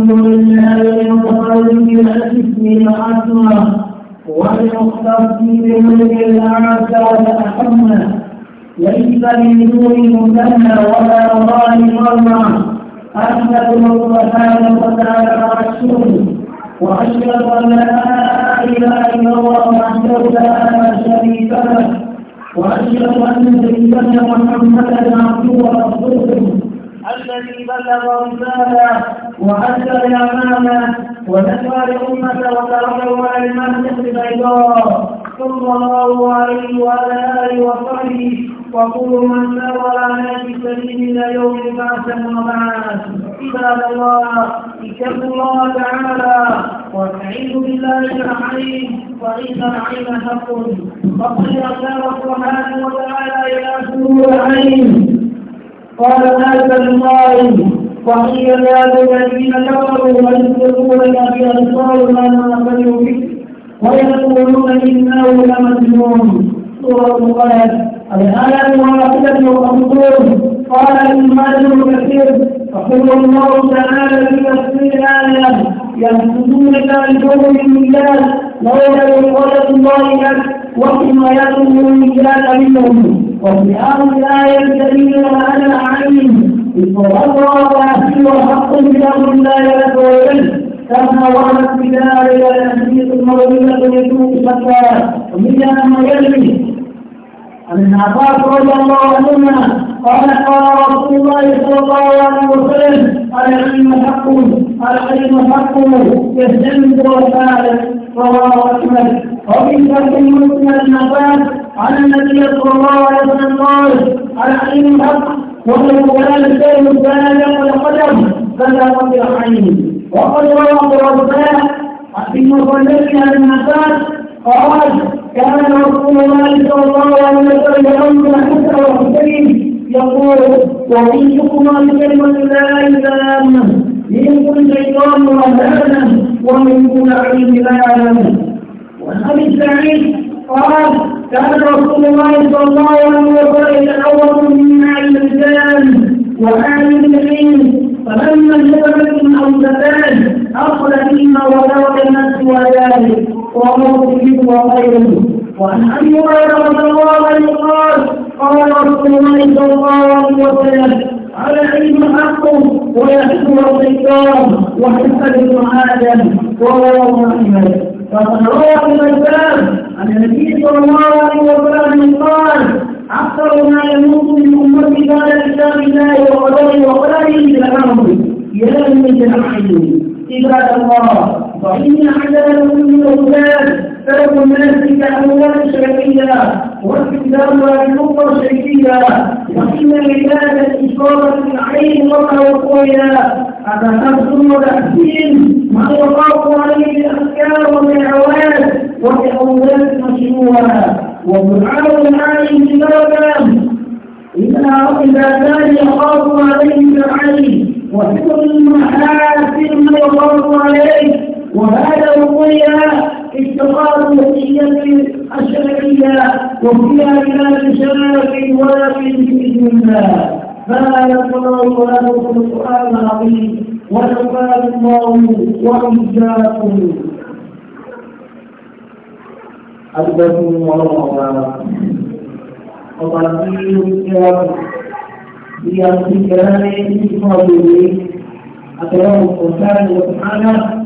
الحمد لله القادر الاسم ليس من دون مثنى ولا ضال مرمى احمد سبحانه وتعالى رسوله واشهد ان لا اله الا الله وحده لا شريك له واشهد ان سيدنا محمدا عبده ورسوله الذي بلغ رساله وأدى الأمانة ونسى لأمة وتركه على المسجد البيضاء صلى الله عليه وعلى آله وصحبه وكل من سار على نهج سبيل إلى يوم البعث وبعد عباد الله اتقوا الله تعالى واستعينوا بالله العليم وإن العين حق فقد رب سبحانه وتعالى إلى سرور العين قال هذا القائل وقيل ذلك الذين كفروا ويصدقون في بأبصارنا ما سمعوا به ويقولون إنه لمجنون سورة القلم الآية واحدة وخمسون قال الإمام كثير يقول الله تعالى في تفسير الآية يحسدونك من دون الله لولا إقامة الله لك وقم يدعو رجال منهم وفئام لا يبتدين وأنا عليم فوضع وأهل وحق له لا يتوكل كما وعدت بدار إلى الأنبياء المولودة يدوم فتوى ومن ما يلي عن عباس رضي الله عنهما قال قال رسول الله صلى الله عليه وسلم العلم حق العلم حق يستند وسالك رواه احمد وفي شرح مسلم النبات عن النبي صلى الله عليه وسلم قال العلم حق ولا الشيء الثاني قدم فلا قدر عيني وقد روى ابو الرزاق في مصنفها النبات قال كان رسول الله صلى الله عليه وسلم يقول الحسن وحسين يقول عن كلمة لا إله إلا الله منكم شيطان وهانة ومن كل لا يعلم وعن أبي سعيد قال كان رسول الله صلى الله عليه وسلم يتعوذ من علم الإنسان وآل العلم فلما انتبهت من أولتان أخذ فيما ودعوت الناس وذلك وموته وخيره وعن أبي هريرة رضي الله عنه قال قال رسول الله صلى الله عليه وسلم على علم حقه ويحكم الإكرام وحسب ابن آدم ورواه أحمد فقد روى ابن الباب عن النبي صلى الله عليه وسلم قال أكثر ما يموت من أمتي بعد كتاب الله وقدره وقدره إلى الأمر يا من جمعه عباد الله وإن عدد من الأولاد فلكم الناس اموال شرعية واستخدام للقوة الشيكية وإن العبادة إشارة العين وقوية هذا نفس وتحسين ما يطاق عليه الأفكار والأعوان وبأولاد مشروعة ومعاون العالم ببركة إذا كان يخاف عليه العين وفكر المحاسن يخاف عليه وهذا القيا استقاموا نفسية الشرعية وفيها لا شباب ولا بإذن الله ما يقرأ ولا يقرأ القرآن العظيم ونفعل الله وإياكم أكبركم الله وتعطيل الكرام بأمتكان فضله أكرمكم الله سبحانه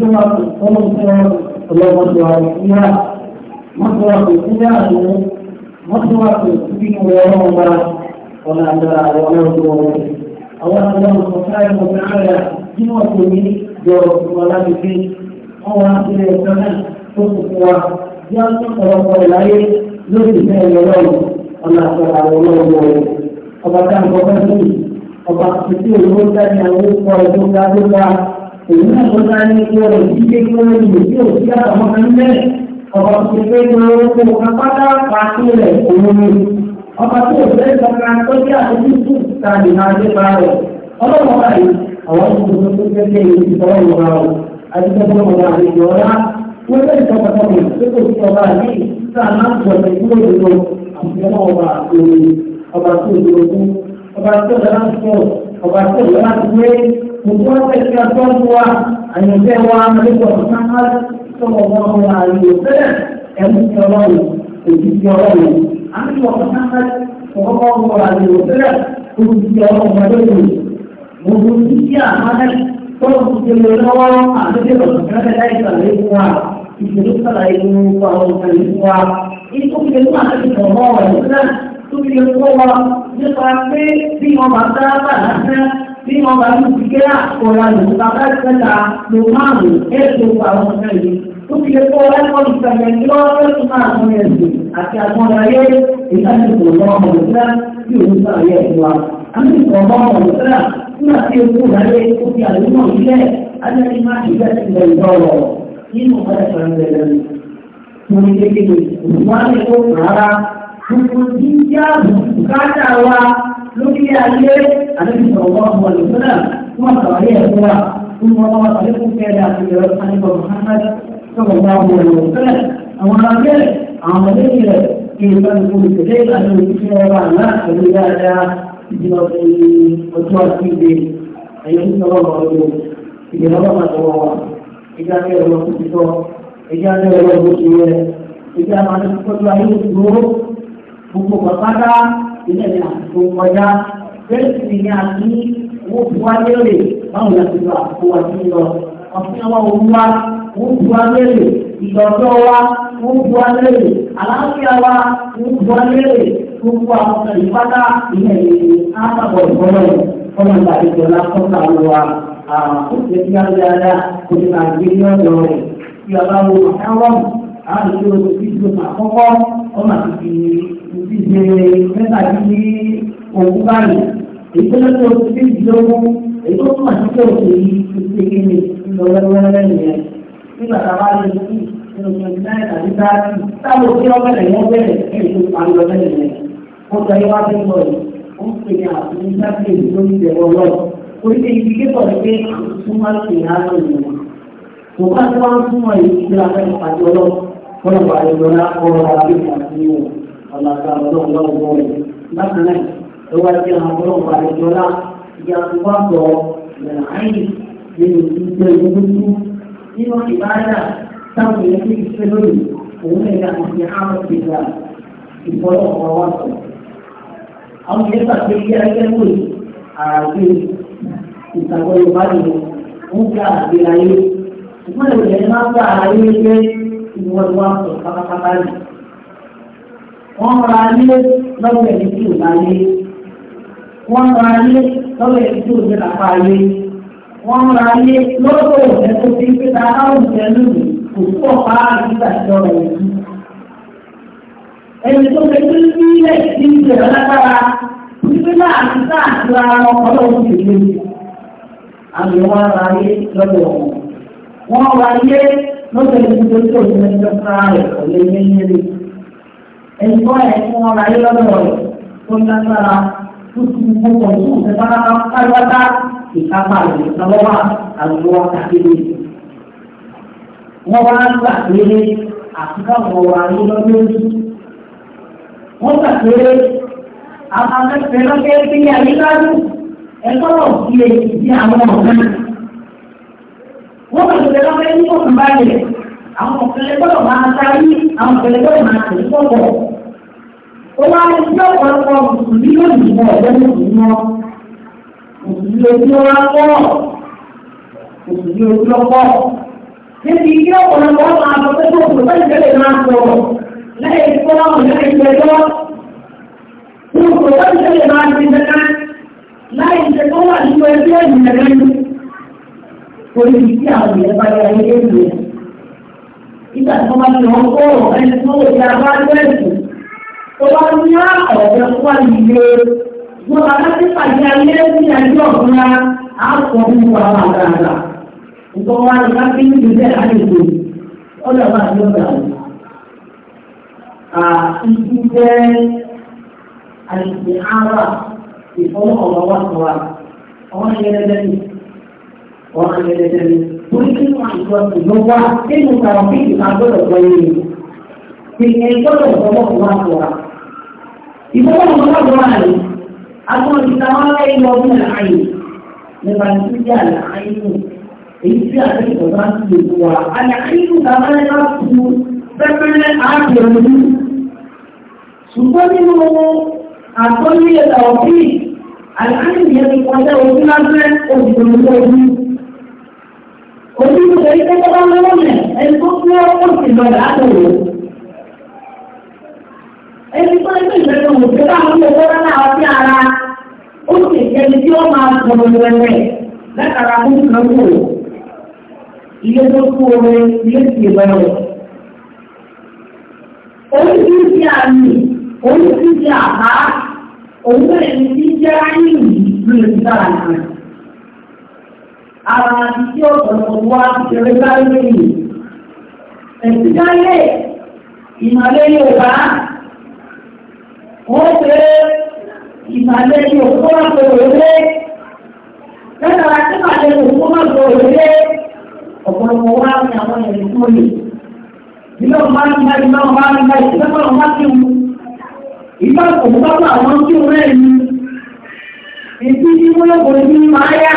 ثم القول اللهم صل على فيها مصرف فيها مصرف فيه ويوم وما أدرى وما أولا الله سبحانه وتعالى جنوة مني جواب ولا بفين أو أنزل يسمى تصفوا جاءت رب العالمين لذي سيئ يوم الله سبحانه وتعالى أبا كان فقط أبا كتير مدة يوم ويوم ويوم òun náà tó dá ní kí ọ̀rọ̀ yìí pé kí wọ́n lè ò sí àtàwọn kan bẹ́ẹ̀ ọ̀rọ̀ ti pé kí wọ́n kó apáta pàṣẹ rẹ̀ òun ni ọba tí ò fẹ́ sọ́ka tó jẹ́ àtúntò tó ta lè máa dé pa rẹ̀ ọlọ́wọ́ báyìí àwọn tó tó tó fẹ́ kí èyí ti tọ́wọ́ ìwà rẹ̀ àdìsọ́gbọ́n ọba àlejò ọ̀la wọ́n fẹ́ sọ́ka tó kù tó kò sí ọba àti sáà máa ń sọ̀tẹ̀ kúrò nínú àtìsọ́gbọ́n ọba àti ọba tó tó ọba tó lọ́la ń sọ ọba kufuata kinachotoa aliyopewa alikuwa Muhammad sallallahu alaihi wasallam emke wangu kupitia wangu alikuwa Muhammad sallallahu alaihi wasallam kupitia wangu madogo mhudumikia amana kwa kujielewa anataka kutaka dai alikuwa kishirika alikuwa alikuwa ili kujielewa anataka kwa wao tukilikuwa ni kwa kwa kwa kwa bí wọ́n bá ti gbé àkọ́ra lòun bàbá ìfẹ́ta ló márùn-ún ẹ̀sùn àwọn ọ̀sẹ̀ yìí tó fi lè kó ẹ̀kọ́ ìfẹ̀lẹ̀ ní ọ̀rẹ́ tó máa fún ẹ̀sùn àti àwọn ayé ìdájọ́ ìfọ̀lọ́mọ̀ ìfẹ́ tí òun sọ ayé ẹ̀ wa. àmì ìfọ̀lọ́mọ̀ ìfẹ́ nígbà tí ewu ìdájọ́ ikú fi àlùmọ̀ ilẹ̀ adẹ́rẹ́ máa ń fẹ́ ti bẹ̀rẹ̀ lọ́rọ̀ nínú ọ̀rẹ́ lórí ayé àdébìsọ̀rọ̀ ọmọ ìgbóná tí wọ́n sàlàyé ẹ̀kọ́ wa fún wọn wọn sàlẹ̀ fún kẹrẹ àtìlẹ̀ àníbọ̀ Muhammad sọ̀rọ̀ ọmọ ọmọ ìgbóná àwọn abẹ́ àwọn ọmọdéyìn rẹ̀ kí n bá gbogbo ìṣẹ̀lẹ̀ ìlànà ìṣẹ́ wa náà pẹ̀lú dáadáa ìjọ ọjọ́ àti ìdè ẹ̀yẹ ìṣọ̀rọ̀ ọ̀rọ̀ ìgbẹ̀rọ̀ ọ̀rọ̀ ìjà ẹ̀rọ ìṣọ̀ ìjà ẹ̀rọ ìṣọ̀ ìjà ilé ní àtúntò kọjá bẹ́ẹ̀ sì ni a ní owó bu wa lérè báwo la ti lọ àkókò wa sí lọ ọ̀sìn àwọn òun wa owó bu wa lérè ìgbọ̀dọ̀ wa owó bu wa lérè àlàáfíà wa owó bu wa gbogbo àwọn ọ̀sẹ̀ ìpátá ilé ní àtàbọ̀ ọmọ ìgbà ìjọba kọ́ta wa àkókò ìgbà dáadáa kò ní àgbélé ọ̀dọ́ rẹ̀ kí ọlọ́run àwọn ọ̀hún àdúgbò ìdíjọba àkọ́kọ́ ọmọ àti ìdíje mẹ́ta ní báyìí èyí tó lọ́tọ̀ oṣù kejìlélógún èyí tó túmọ̀ sí pé oṣù yìí ti ṣe kéde lọ wẹ́rẹ́wẹ́rẹ́ nígbà tá a bá lè ní nínú twenty nine tàbí thirty táwọn òṣèré ọmọ ẹ̀ yẹn bẹ̀rẹ̀ ẹ̀ tó parí lọ bẹ́ẹ̀ nìyẹn ó sọ yẹn wá sí lọ ó ń pè ní àtúntí sáfì èyí tó lọ orí ti ibi kékọ̀ ní pé àtúntí máa ń pè ní àlọ́ ìlú kò bá tí wọ́n ń túmọ̀ yìí kí kọ́nà wà lọ́wọ́ náà kọ́ àti ìwò ọ̀nà àtàwọn ọlọ́run bọ́ọ̀lù bákan náà ló wá àwọn ọlọ́run wà lọ́wọ́ ìyá tó wá sọ ìyàrá ayé nínú ìgbẹ́ ìgbókú nínú ìbáyà táwọn èèyàn ti ṣe lónìí òun lè ra àti àwọn ìgbà ìfọwọ́ ọ̀rọ̀ wá sọ. àwọn ìyẹn pàṣẹ ilé ayé wòye àgbè ìtàgbọ́ Yorùbá nìyẹn kí wọ́n wá sọ pátápátá rẹ̀. wọ́n ra ilé lọ́wọ́ ẹni tí ò láyé wọ́n ra ilé lọ́wọ́ ẹni tí ò ní kápá ayé wọ́n ra ilé lọ́wọ́ ẹ̀ tó ti ń pé ta áwùjẹ lónìí kò pọ̀ bá àgbà ìjọba ìlú. ẹni tó fẹ́ tó ní ilé ìdí ìjọba lágbára wípé náà ti sáà ti ra ọkọ̀ lọ́wọ́ ìdílé àmì wọn ra ilé lọ́wọ́ wọn ra ilé lọ́sẹ̀ tí tó tó ní ẹjọ́ sára rẹ̀ kò lè ní nílé. Ẹni tó ẹ̀ fún ọmọ ayé lọ́dọ̀ rẹ̀ tó ń lágbára tó ti mú pọ̀ tó ń tẹ́tà pátápátá ìkápá rẹ̀ lọ́wọ́ àlùkò àkéde. Wọ́n wá gbà pé àti káwọn ọ̀rọ̀ ayé lọ́dọ̀ rẹ̀. Wọ́n gbà pé àwọn akẹ́kọ̀ọ́ lọ́kẹ́ bí ayé ládùn ẹ̀kọ́ ọ̀gbìn èyí sí àwọn ọ̀gá náà wọ́n kàn lè lọ́wọ́ ní kókò balẹ̀ àwọn ọ̀kẹ́lẹ́ gbọ́dọ̀ máa sáré àwọn ọ̀kẹ́lẹ́ gbọ́dọ̀ máa tẹ̀lé pọ̀pọ̀. ó wá ní sí ọ̀pọ̀lọpọ̀ mùsùlùmí lónìí mọ́ ọ̀dọ́ mùsùlùmí mọ́ mùsùlùmí ojú ọ̀rá pọ̀ mùsùlùmí ojú ọ̀pọ̀. níbi ilé ọ̀pọ̀lọpọ̀ máa sọ pé kó kò sẹ́yìn tẹ́lẹ̀ máa sọ̀rọ̀ lẹ́yìn tó wọ́n lẹ́yìn tẹ́lẹ̀ kó kò sẹ́yìn torí tí àwọn èèyàn bá yẹ ayé lè lò. Nígbà tí wọ́n bá ti wọ́n kó ẹni tó wò ní abá lẹ́sùn, tó bá ní ọ̀rẹ́ wà nílé. Wọ́n bá bá ti pàdé ayé ní ayé ọ̀gbọ́n á sọ fún wa àgbààgbà. Nǹkan wa ni láti ń lè bẹ́ẹ̀ àlejò. Ó lọ bá ti ọ̀gá Àìsí jẹ́ àìsí ara ìfọwọ́ ọ̀rọ̀ wa sọ̀rọ̀. Àwọn ẹ̀yẹ́dẹ́gbẹ́ ọ̀ràn yẹlẹtẹ ni torí kí ní àwọn ìta wọn láyé lọ tí bí àlà ayé nù èyí tí àti ìjọba ti lè fún wa àlà ayé nù bàbá rẹ bá òbí mi lè ṣe tó bá lọ́wọ́ mi ẹni tó fi ọkọ̀ sí lọ láàbò wò. ẹni tó ń pè lẹ́nu òṣèlú àwọn ọmọ ọgbọ́n náà wá ara ó sì ẹni tí ó máa sọ̀rọ̀ lẹ́rẹ̀ látara fún ìnáwó ilé tó kú omi ilé sì lọ́rọ̀. oríṣiríṣi àmì oríṣiríṣi àbá òun bẹ̀rẹ̀ ní jẹ́ ayé yìí lórí ìdára náà ara ti tí ọ̀pọ̀lọpọ̀ wá ìṣẹ̀lẹ̀ sáré lẹ́yìn. Ẹ̀sìn dáyé ìmàlẹ́ Yorùbá wọ́n ṣe ìmàlẹ́ Yorùbá máa tó òwe. Lẹ́tàrà tí màlẹ́ Yorùbá máa tó òwe ọ̀pọ̀lọpọ̀ wá ní àwọn ẹ̀rẹ̀ tó lè. Ìlú ọ̀pá ń bá ìlú ọ̀pá ń bá ìlú ọ̀pá ń bá kí wọn. Ìgbà òkú bá bá àwọn kí wọn rẹ̀ ní. Èdè ìwé òkú ní máa yà.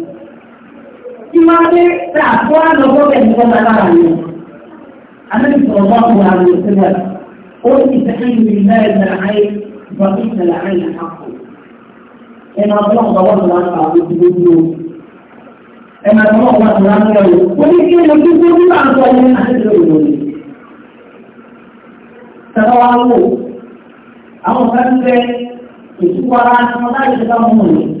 tí wọ́n pé láàbọ̀ àlọ́gbọ́ bẹ̀ ní ọjà lára rẹ̀. Àlejò sọ̀rọ̀ bá wà ní ìpínlẹ̀. Ó ti fẹ́ ìlú ilé ìtàlá ayé ìgbà tó ìtàlá ayé àkọ́. Ẹnu ọjọ́ ọ̀gbọ̀wọ́ ni wọ́n ń pa ojú gbogbo. Ẹnu ọjọ́ ọ̀gbọ̀wọ́ ni wọ́n ń lọ rẹ̀. Ó ní kí ẹnu tó gbogbo náà sọ ní àlejò ìròyìn. Sọ̀rọ̀ wa wò, àwọn kan fẹ́ ìtúwọ́ra ní wọ́n láì ṣe bá mú mi.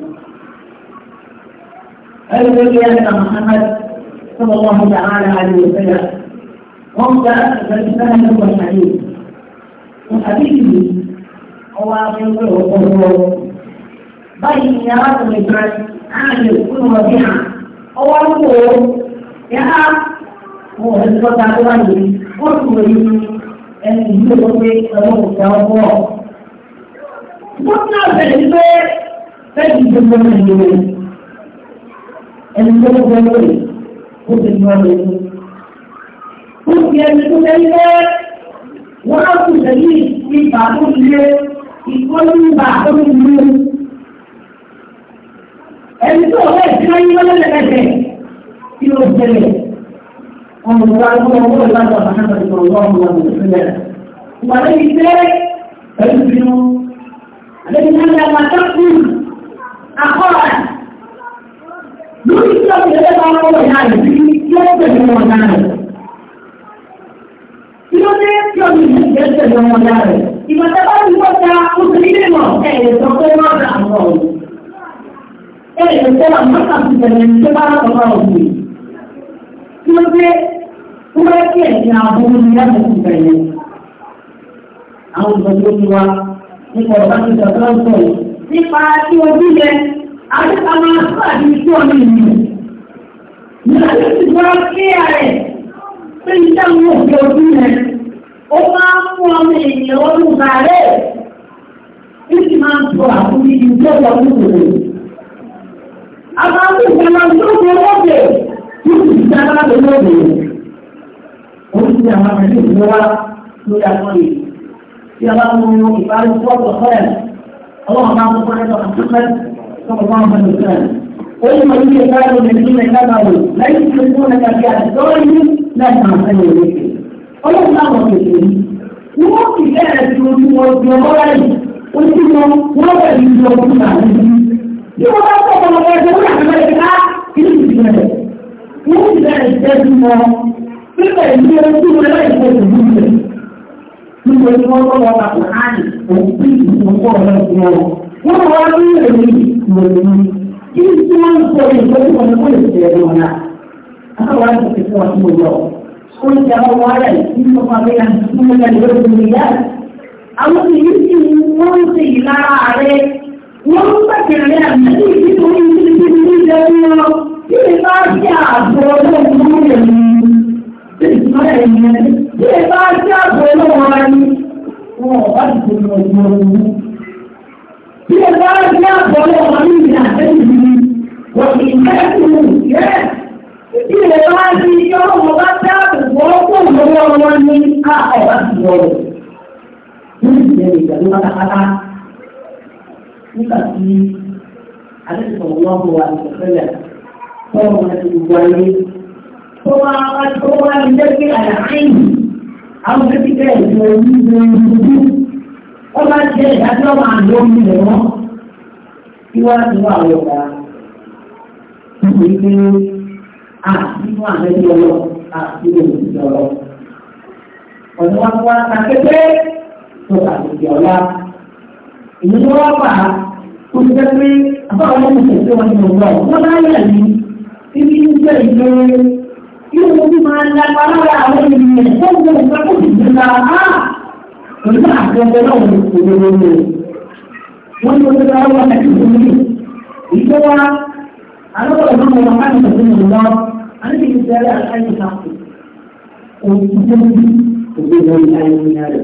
الذي أن محمد صلى الله تعالى عليه وسلم وابدأ بالسند والحديث وحديثه هو من الوقوف بين يراد الإبراهيم عامل كل وبيعة هو الوقوف يا هو هزبة عدواني قرصوري أن يوقف الوقوف يا الله وقنا في الإبراهيم فجد من الإبراهيم ẹni tó ń gbọ́ lórí ó ti mọ lórí. Ó fi ẹni tó fẹ́ lé wọ́n á kù sẹ́yìn ìgbà tó lé ìkọ́lù ìgbà tó lé. Ẹni tó ọ̀rẹ́ ìdílé yín lọ́lẹ́ ẹ̀jẹ̀ kí ló ṣẹlẹ̀. Ọmọ ìgbà tó ń wọ́n ìbájọ́ àbájáde ìgbà ọ̀rọ̀ ọmọ ọmọ ìṣẹ̀lẹ̀. Ìgbà lẹ́yìn tẹ́ pẹ̀lú bínú. Àlejò náà ń lórí tí wọ́n ti lè bá wọn wọ̀ náà yìí tí wọ́n tẹ̀lé wọn náà rẹ̀. Kí ló dé tí wọ́n ti lè tẹ̀lé wọn náà rẹ̀? Ìgbà tí bá ti wọ́n ta oṣù nílé mọ̀ ẹ̀ sọ pé wọ́n rà mọ̀ ọ̀. Ẹ lè sọ àwọn kàkùn tẹ̀lé tí wọ́n bá rà mọ̀ ọ̀ sí. Kí dé wọ́n bá kí ẹ̀sìn àbúrò ní àbùkù tẹ̀lé? Àwọn ìgbà tó ti wá nípa ọ̀bá àti àwọn aṣáájú tí ní ìlú. Ìyàtọ̀ ti gbọ́dọ̀ kí ààrẹ pé iṣẹ́ àwọn òbí ojú rẹ̀. Ó máa ń fún ọmọ ènìyàn ọdún bàárẹ̀. Ó sì máa ń sọ àkúrí ju tó wọ ní òwe. Àwọn akẹ́kọ̀ọ́ máa ń tó wọ lóde tí kò sí sábà lọ lóde. Ó ti di àwọn ọmọdé ìlú wa lórí àwọn èyí. Tí a bá mú ìbálòpọ̀ ọ̀pọ̀ ọ̀rẹ́, ọlọ́run máa ń fún ọ̀rẹ́ صلى الله عليه وسلم وإما يجي قالوا الذين كفروا لا يشركونك بأسرارهم لا تعتني بك ọlọ́run láwọn kèké ni wọ́n sì bẹ̀rẹ̀ sí ojú ọdún ọlọ́rọ̀ yìí ojú wọn wọ́n bẹ̀rẹ̀ sí ọdún náà níbi. bí wọ́n bá tọ́ ọmọ ọmọ ẹgbẹ́ wọn àgbẹ̀ ẹgbẹ́ ká kí ní ìbílẹ̀ rẹ̀ wọ́n sì bẹ̀rẹ̀ sí ẹjú wọn pípẹ̀ ní ojú rẹ̀ láì fẹ́ ìlú rẹ̀ nígbà tí wọ́n tọ́ wọn bá kò áyì òkú ìlú wọn kọ́ ọ̀rẹ́ wọn. wọ́n wá ní èrè musulmi kí ni tí ń sọ ìjọ tí wọ́n kó lè ẹ̀rọ náà akáwá ti fi fún ọtí òjò ó ń ṣe àwọn wàhálà yìí ní ọmọ abẹ́yà ní ọmọ ìlú ìlú ìyá àwọn ìlú tí wọ́n ń ṣe ìlara rẹ̀ wọ́n ń pàtẹ́rẹ́ àmì nítorí ìlú ìlú ìjọ tí wọ́n kí ni bá jẹ́ àbọ̀ ọlọ́run lórí ẹ̀mí tí ìbá jẹ́ àbọ̀ ọlọ́run wá ní wọn bí ẹ bá rí àbọ̀lọ̀ wọn ní ìlànà ẹ̀yìn mi wọ́n ti mẹ́kùn yẹ́ bí ẹ bá rí yọ́rọ̀ wọn bá dáàbò wọ́n kó lọ́wọ́ wọn ní ká ọ̀rá ti wọ̀rọ̀ ní ìlẹ̀ ìgbàlú pátápátá nígbà tí àdéhùn ọ̀wọ́ wọn wà ní ìfẹ́lẹ̀ tọ́wọ́ wọn ti gbogbo ayé tó wá wá tó wá ní jẹ́ pé àyà áìní àwọn ẹgbẹ́ ìgbà ìgbà ìgbà ìgbà wọ́n bá jẹ́ ìdájọ́ máa lọ nílẹ̀ wọn kí wọ́n ti wà lọ́wọ́ nítorí pé àtìmọ́ àmẹ́bí ọlọ́ àtìmọ́ òṣìṣẹ́ ọlọ́ ọ̀nà wọn wá ta tó bá ọ̀la èyí ni wọ́n bá kó ti jẹ́ pé ọmọ ìṣẹ̀lẹ̀ wọn ni mo gbọ́ wọn bá yẹ̀ mí níbi ń jẹ́ ìgbé yóò mú máa ń lágbára àwọn ènìyàn tó ń gbọ́ nǹkan tó ti dùn náà pẹ̀lú àgbẹ̀gbẹ̀ náà ní ìpolówó ní o. Wọ́n ní ojú náà wọ́n ti fún mi. Ìjọ wa, alọ́wọ́ ìlú mi wọ́n káàdì ìlú mi a ní kìí bẹ̀rẹ̀ àkáyé káàkó. Òtítọ́ bí òbí ní ayé ní ayé.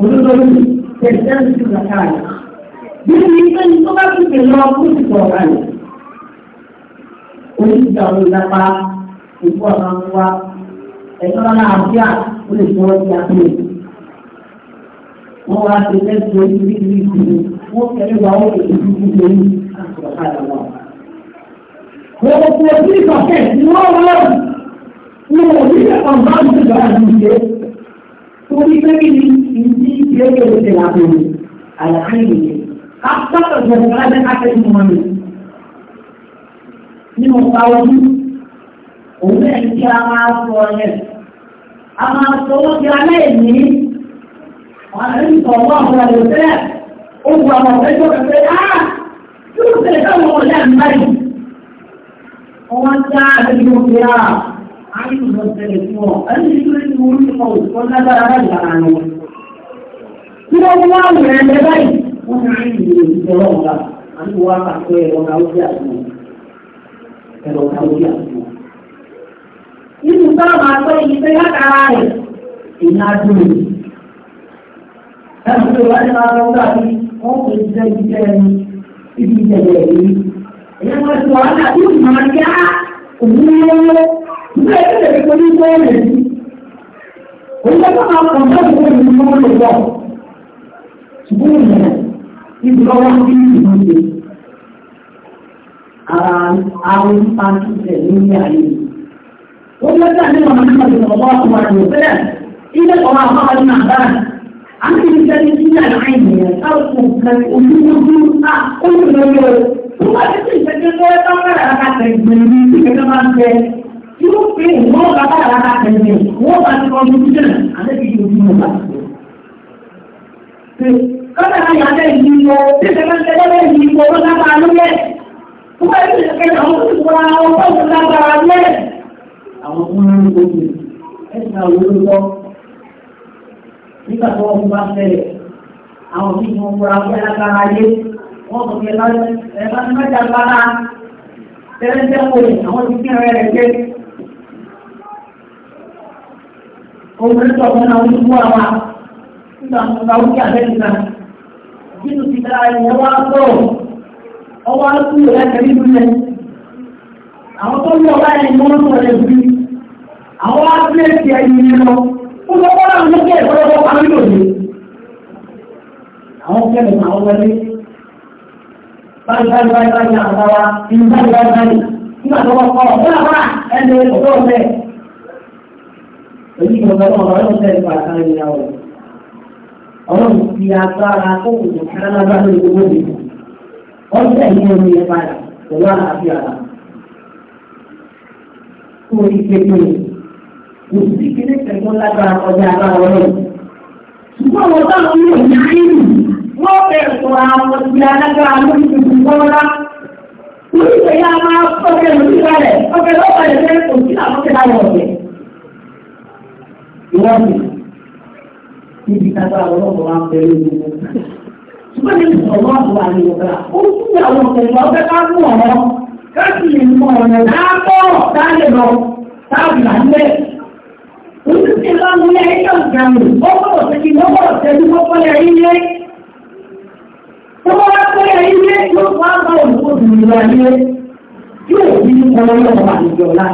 Olúdó mi, tẹ̀sán ti kàkà rẹ̀. Bí mi ní sẹ́ni tó bá ti tẹ̀lé ọ kó ti sọ̀rọ̀ kalẹ̀. Oníṣẹ́ àwọn ìlàpá ìfọ̀ àwọn wa, ẹ̀tọ́ náà àbíà ó lè fọwọ́ sí àpẹẹrẹ wọ́n wá ṣe lẹ́sìn orí ìlú ìlú wọ́n kẹ́lẹ́ wà ó lè fi fi lórí àkọ́kọ́ wọn. Wọ́n kò sí ìkọ̀kẹ́ tí wọ́n Nínú pàwọn òun náà ń a máa sọ ẹ̀. A máa sọ ọ́ di alẹ́ ìní àlẹ́bí àwọn àlẹ́bẹ̀ẹ́ ó bu àwọn ọ̀rẹ́jọ́ ó tẹ̀lé ọmọ ìyá ah! mi báyìí. wọ́n já àlẹ́bí ó fi áà àyè lọ tẹ̀lé fún ọ àlẹ́bí tó ní mo ní ọ òṣùpọ̀ lágbára báyìí lára wọn. tí wọ́n mú àwọn ẹ̀rẹ́ báyìí wọ́n ní àyè lè fi tẹ̀lé ọ̀gá àti wọ́n á pàṣẹ ọ̀gá ó jẹ́ àtúnwò ẹ̀rọ ọ̀gá ó jẹ́ àtúnwò. nínú láti tó bí wọ́n kò ní sẹ́yìn iṣẹ́ ní ayé. Oúnjẹ tí ní ọmọ nípa ìṣòro ọmọ ọkùnrin rẹ̀ bẹ́ẹ̀ ilé ọmọ àbáwá ní àbára àti ìjẹni tí ní àìní ẹ̀ táwọn nǹkan ojúmọ́jú á ó ń lọ yọ ọ́. tó bá ti sì ṣe kékeré ẹ bá bára ara kàtà ìgbèrú tí máa ń tẹ tí ó pé bá bára ara kàtà ìgbèrú wọ́n bá ti kọ́ ojú jẹ́ àlejò ojú mọ́ bá. kọ́tà náà yà á bẹ́ẹ̀ yí ipò tí kẹ̀kẹ́ ń yí ipò lọ́dá máa ló yẹ. tó ti ti wá àwọn nígbà tó wọ́n bá fẹ́rẹ̀ àwọn tí wọ́n múra pé alágbára ayé wọ́n kò fi ẹ̀bá ní mẹ́ta gbára tẹ́lẹ́tẹ́ wòye àwọn tí kíra rẹ̀ jẹ́ obìnrin tó ọ̀gbọ́n àwọn ìlú àwa nígbà tó bá wúkí àbẹ́nìkà nínú ti dára ìyẹn wá tó ọwọ́ akúrò láti rí lulẹ̀ àwọn tó ń lọ báyìí ni wọ́n ń sọ̀rọ̀ ẹ̀bí àwọn á ó sọ fọ́nà àwọn ẹgbẹ́ ìfọwọ́fọ́ parí lòdì àwọn kẹ́lẹ̀ àwọn wọlé báyìí báyìí báyìí àwọn bá wa ìlú báyìí báyìí báyìí nígbà tó wọ́n kò sí pẹ̀lú lágbára ọjà àbára ọ̀rọ̀. Ṣùgbọ́n wọn bá wọn yóò ní àìní, wọ́n bẹ̀rẹ̀ sọ àwọn ti alágbára lórí tuntun kọ́lá. Lórí ìgbéyà máa fọ́kẹ́ lórí ìrọ̀lẹ́, ọkẹ́ lọ́pàá lè fẹ́ kò àwọn kẹ́lá wọ̀ ọ̀fẹ́. Ìwọ́sì, níbi kágbára ọlọ́pàá wa ń bẹ lórí gbogbo. Ṣùgbọ́n ní ìsọ̀rọ̀ àbúrò àyẹ̀wò ó tún àwọn ọ̀fẹ́ ká mú ọ̀rọ̀ Untuk kita mulai itu kami, pokok segi pokok jadi pokok yang ini. Semua pokok yang ini itu apa untuk Yóò di ọlọ́rọ̀ wà níjọba.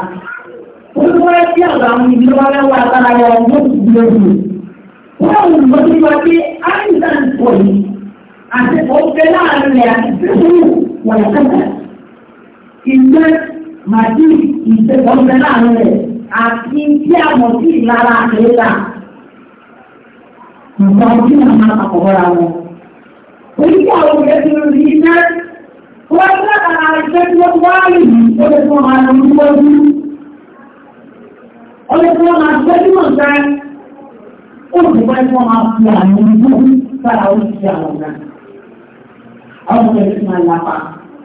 Olúwa yóò ti di ojú. Wọ́n ń lọ sí wa pé àìsàn ń pọ̀ àti tí a mọ̀ sí ìlara àtẹ́lá nǹkan tí wọ́n máa papọ̀ mọ́ra wọn. Oríṣi àwọn òṣèré ti rí iná wọ́n ní látara iṣẹ́ tí wọ́n wá rí yìí ó lè fún ọmọ àwọn olúwọ́dú. Ó lè fún ọmọ àti ẹbí mọ̀ sá ó sì wá ní wọ́n máa fi àwọn olúwọ́dú sára oríṣi àwọn ọ̀gá. Àwọn òṣèré ti máa lápá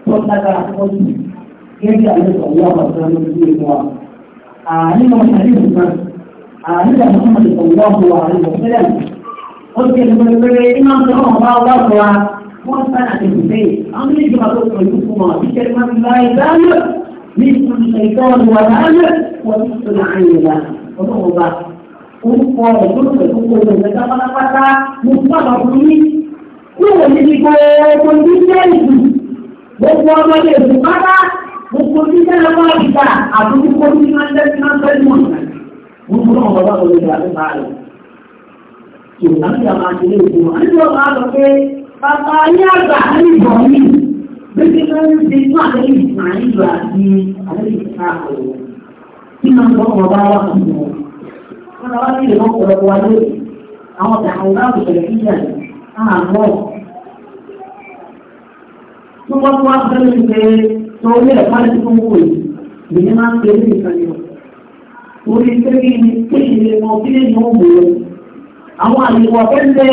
tó lágbára fọ́ọ̀tù gẹ́gẹ́ àwọn ìṣòwò ọ̀gá ọ̀gá lórí ìwọ̀n nínú ìṣẹ̀lẹ̀ ìgbà nígbà wà ní ìṣẹ̀lẹ̀ ó ti ṣe pé pé iná tó náà bá wà wa wọ́n sáà àti ìgbé àwọn ilé ìjọba tó sọ ìlú fún wọn ìṣẹ́ ìgbà tó láyé dáyé ní ìṣòwò ìṣòwò wà láyé wọ́n ti sọ láàyè ìlà ọlọ́wọ́ bá orúkọ gbogbo tí sẹ́yìn bá ti gbà àtúntí kó ní máa ń tẹ́sí máa ń tẹ́sí mọ̀ gbogbo náà wọ́n bá wọlé ìgbà tó bá rẹ̀ tó láti àwọn àtìlẹ́ ìgbò wọn àti wọn máa lọ pé bàbá ayé àgbà àlè bọ̀ mí bí kí wọ́n ń ṣe fún àlẹ́ ìgbà ìgbà àti àlẹ́ ìgbà àkọ́wọ́ kí máa ń bọ́ wọn bá wà fún wọn. wọn lọ wá sí ìlú ọ̀pọ̀lọpọ̀ wa àwọn ọ̀tà àwọn bá torí ẹ̀fọ́ àti tó ń wò yìí lèyìn máa ń pè ní ìkànnì ọ̀. Orí kékeré ni kéèyàn lè mọ kí lèyìn ó wò ó. Àwọn àyẹ̀wò ọ̀fẹ́ ń bẹ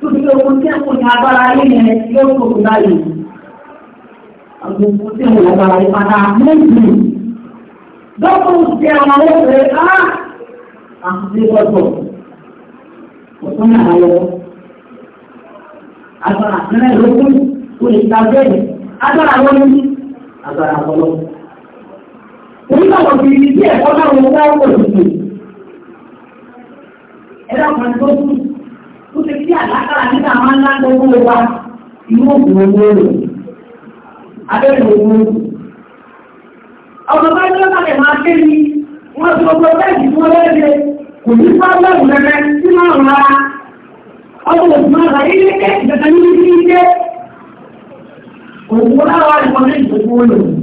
tó fi ogun tí ẹ̀kọ́ ní agbára ayé yẹn yóò tó kù láyè. Àwọn ogun tí ẹ̀wọ̀n ọ̀gbà rẹ̀ padà méjì. Dọ́kọ̀ ti àwọn ọ̀rẹ́ rẹ̀ á àti ọ̀tọ̀. Ọ̀tọ̀ ní àlọ́. Àgbàrá mẹ́rin lókun olè ta bẹ́ẹ̀. Agbára wọn agbára ọlọ́. Onígbà wọn fi ibi tí ẹ̀kọ́ náà wọ́n wá wọ̀ lùdù. Ẹ dákun tó kú, ó ti kí àlákàrà nígbà máa ń láńgbọ́ owó wa inú òògùn owó rẹ̀. Abẹ́rẹ́ owó. Ọ̀sán bá ń lọ́ta lè máa ké ni, wọ́n ti gbogbo bẹ́ẹ̀dì tí wọ́n lẹ́ẹ̀dẹ̀ kò ní pọ́blẹ́mù rẹ̀ sí máa ń ra. Ọkọ̀ òṣùmọ̀ àgbáyé òun láwá ìwọ̀n ní ìgbòkú olóòrùn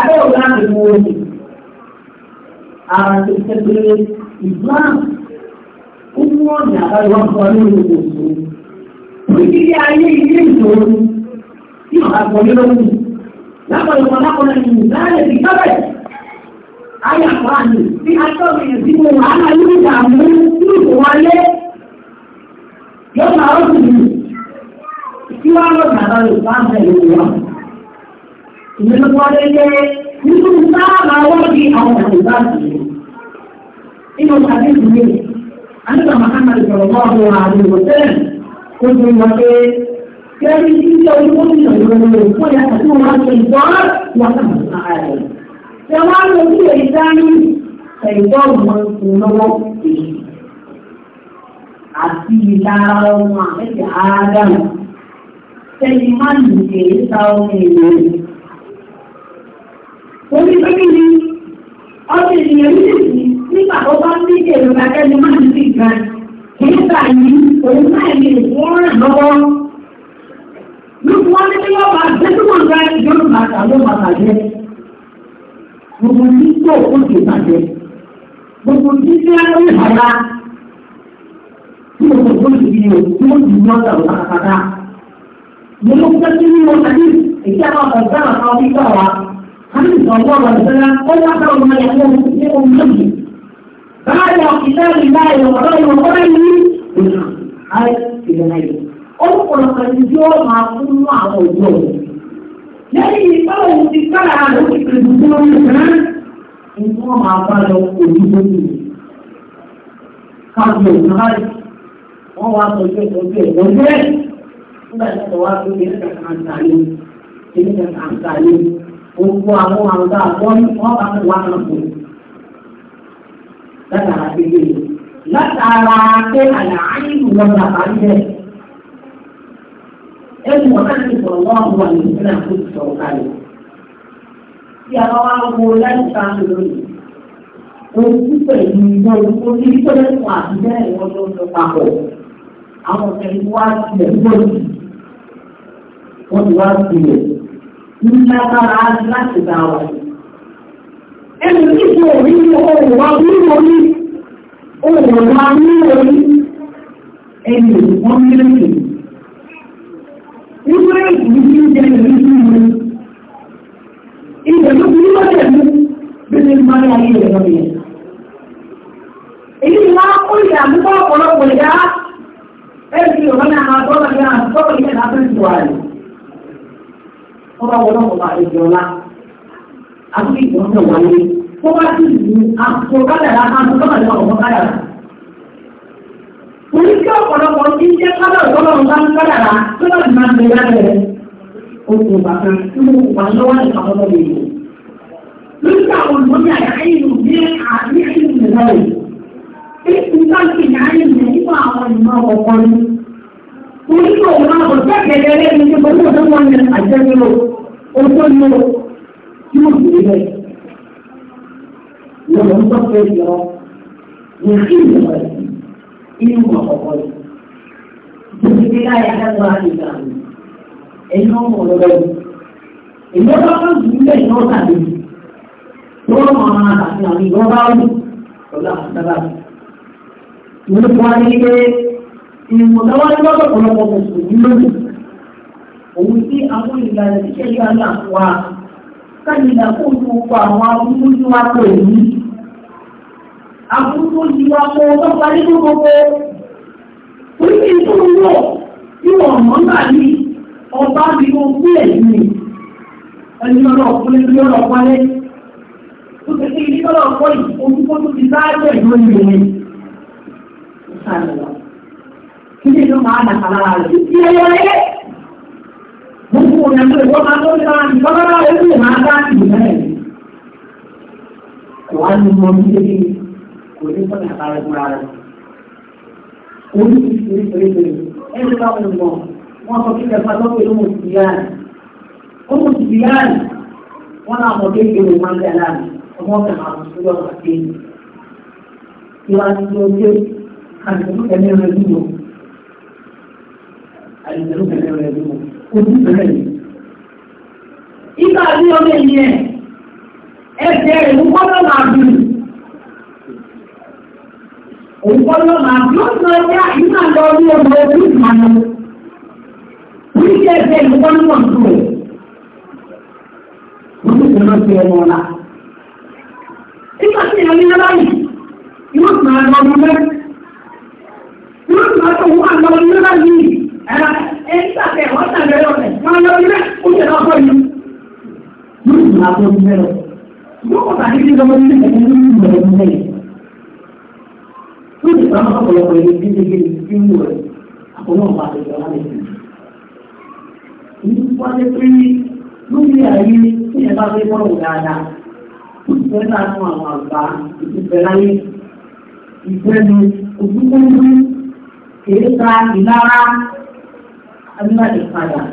adéwò láti mú orí ara tó tẹ́gbẹ̀rẹ̀ ìgbọ́n ó mú ọ̀nà àbáyọ̀ kan ní olóòrùn òṣèlú orílẹ̀ ayé ilé ìṣòro tí ó àgbọ̀ ní lókù lápọ̀lọpọ̀ lápọ̀lọ ìlú láàrẹ̀ ti gbọ́bẹ̀ ayé àpá àmì tí a tọ́ mi sí mo wà á máa ní ìdààmú ní ìfowópamọ́ yóò máa rọ́ọ̀tù nìyí kí wọ́n lọ bàbá àti wọn á ṣe ìgbọ́ wọn tẹ̀yìn máa ń lè ta omi ìlú. Omi pẹ́kí ni ọdún ènìyàn méjèèjì nígbà tó bá ń díje ìrora tẹ́lẹ̀ máa ń sì ga. Nígbà yìí, òun náà lè wọ́n rẹ̀ lọ́wọ́. Lókun wá nílé yóò bá gbé tó wọ́n gba ìjọ bàtà ló bàtà jẹ́. Gbogbo ní tó o kò bàjẹ́. Gbogbo ní tí a lóye bàbá. Bí o kò tó ìdí o, tí o jù ní ọ̀dà òkàkàkà. بمقدمه والحديث اتبع قدام قاضي شرعا حديث الله عليه وسلم قل اكثر ما يكون مسلم منه فهذا كتاب الله وقضائه وقدره هاي في جنايه انقل القلبيون مع كل مع موجود لأن لو تتبع على ذكر الدكتور مثلا إن هو مع بعض وجوده قد يوم هاي هو أصل شيء وجوده nígbà tí kò wá tó kìíní kàkà àǹfààní kìíní kàkà àǹfààní gbogbo àwọn àwọn tá a gbọ́ ní wọ́n bá wà náà kù látara kékeré látara pé àlàáyé ìwọ̀n bàbá ń bẹ̀. ẹnu ọ̀nà ti sọ̀rọ̀ wọ́n wà ní ìpínlẹ̀ àkókò sọ̀rọ̀ kalẹ̀. tí a tó ń lọ papọ̀ àwọn ọ̀sẹ̀ ìwọ́ àti ìwọ́n ń lọ wọ́n ti wá sílẹ̀ nígbà tára láti dá wa. ẹni tí kò rí ohun wa ní orí ohun wa ní orí ẹni wọ́n ní lẹ́yìn. nígbà ìlú ti ń jẹ́ ìlú sí mi ìgbà tó kú nígbà tẹ̀lé bí ní máa yá ilé ẹ̀rọ yẹn. èyí ni wọ́n á kó ìyá àdúgbò ọ̀pọ̀lọpọ̀ ìyá ẹ̀sìn ìrọ̀lẹ́ àwọn àgbọ̀lọpọ̀ ìyá àdúgbò ìyá àdúgbò ìyá wọ́n wọlé ọ̀pọ̀ àlejò ọ̀la àbúrò wáyé wọ́n bá sì ní àkókòkádàrà àkókòkádàrà ọ̀pọ̀kádàrà. Orí kí ọ̀pọ̀lọpọ̀ ti jẹ́ kádà ọ̀pọ̀lọpọ̀ bá ń kádàrà tó náà ti máa ń bẹ̀rẹ̀ rẹ̀. Oṣù bàtà tí mo wà lọ́wọ́ ní àwọn ọmọ mi. Lórí àwọn olùmọ́ni àyàkáyé bí àbí àyè rẹ̀. Èyí bá ń pè ní àyè ìlú nípa àwọn ìmọ̀ ọ̀pọ̀ ni onígbà òun náà kò sí àgbẹ̀dẹ̀ rẹ̀ ní ṣe pẹ̀lú ní àjẹmí o ní o tí mo sì lè bẹ̀rẹ̀. ń tọ́pẹ́ yọ ní kí ìjọba yìí inú ọ̀pọ̀ yìí. Gbogbo ti láyé dágbà ìgbà mi. Ẹ̀yin ọmọ ọ̀rọ̀ yìí. Èyí ọba kan jù ú lẹ́yìn ọ̀sà mi. Tó wọ́n mọ àwọn àtàkùn àmì ìwọ́n bá wù. Ọ̀la àtàkùn. Mo ní ìmọ̀lẹ́wọ́lẹ́gbọ́dọ̀ ọ̀pọ̀lọpọ̀ mùsùlùmí lónìí òun sí àwọn ìlànà ìṣẹ́ yà náà wà káyìnà kó ju gbogbo àwọn abúlé tí wàá pè ní abúlé tó di wa kó tó parí tó gbogbo oríṣi tó ń wọ̀ tí wọ́n mọ̀ ń bà ní ọba mi kó gbé ẹ̀mí ẹni lọ́dọ̀ ọ̀pọ̀lẹ́ tó lọ́dọ̀ ọ̀pọ̀lẹ́ tó ti fi ọ̀pọ̀ kílé ló máa dàgbà lára rẹ̀ títí ẹyọ rẹ̀. Gbogbo ọ̀nà tó ìwọ́n máa tó dára ní bọ́lá náà ó lè máa dá ìlú mẹ́rin. Kò wá ní ọmọ mi lé kò ní sọ́nà àtàrà ìgbà rẹ̀. Orí ti fi rí pèrè pèrè. Ẹni bá wọn mọ̀, wọ́n sọ kí ẹ̀fà tó pé lóhùn sí yá rẹ̀. Lóhùn sí yá rẹ̀. Wọ́n náà mọ̀ pé èrò máa ń bẹ̀ láàrin. Ọmọ ọ̀sẹ̀ máa ń sọ́yọ̀ àti ìwà ìjọ ọjọ́ àti ìlú ẹ̀mí rẹ̀ dúró àìsàn kẹ̀kẹ́ rẹ̀ ló kò sí bẹ̀rẹ̀ yìí. Ibà ní ọmọ ènìyàn ẹsẹ̀ rẹ̀ ń gbọ́dọ̀ máa bì. Òun gbọ́dọ̀ máa bì ó sọ pé àyíká lọ ní ọmọ ojú ìmọ̀nà. Wọ́n ti ẹsẹ̀ ìlú gbọ́dọ̀ pọ̀ tó. Wọ́n ti sọ̀rọ̀ sí ọmọ ọ̀la. Ibà sí ìrìn náà báyìí, yóò mẹ́rin. Yóò sọ̀rọ̀ tó wà mẹ́rin ẹni tàbí ẹ̀wọ́n tàbí ẹ̀rọ rẹ̀ máa lọ ilẹ̀ ó ṣe lọ́kọ́ yìí. yóò sì máa bọ́ ilé lọ. yóò kọ́ tàbí kí lọ́wọ́ ilé ẹ̀kọ́ ní ìlú rẹ̀ ní lẹ́yìn. yóò sì máa bọ́ ọ̀pọ̀lọpọ̀ ilé tí ó gbé ní ìlú rẹ̀ àkọ́nà ọ̀pá àtẹ̀jọ́ láti ṣe. ìlú wáyé pé lórí ayé tí ẹ bá fẹ́ bọ́ọ̀lù dáadáa ìfẹ́ láti àwọn àgbà ìfẹ́ láyé ìfẹ́ ni òdúkúndú kèé ta ìlara أما القلم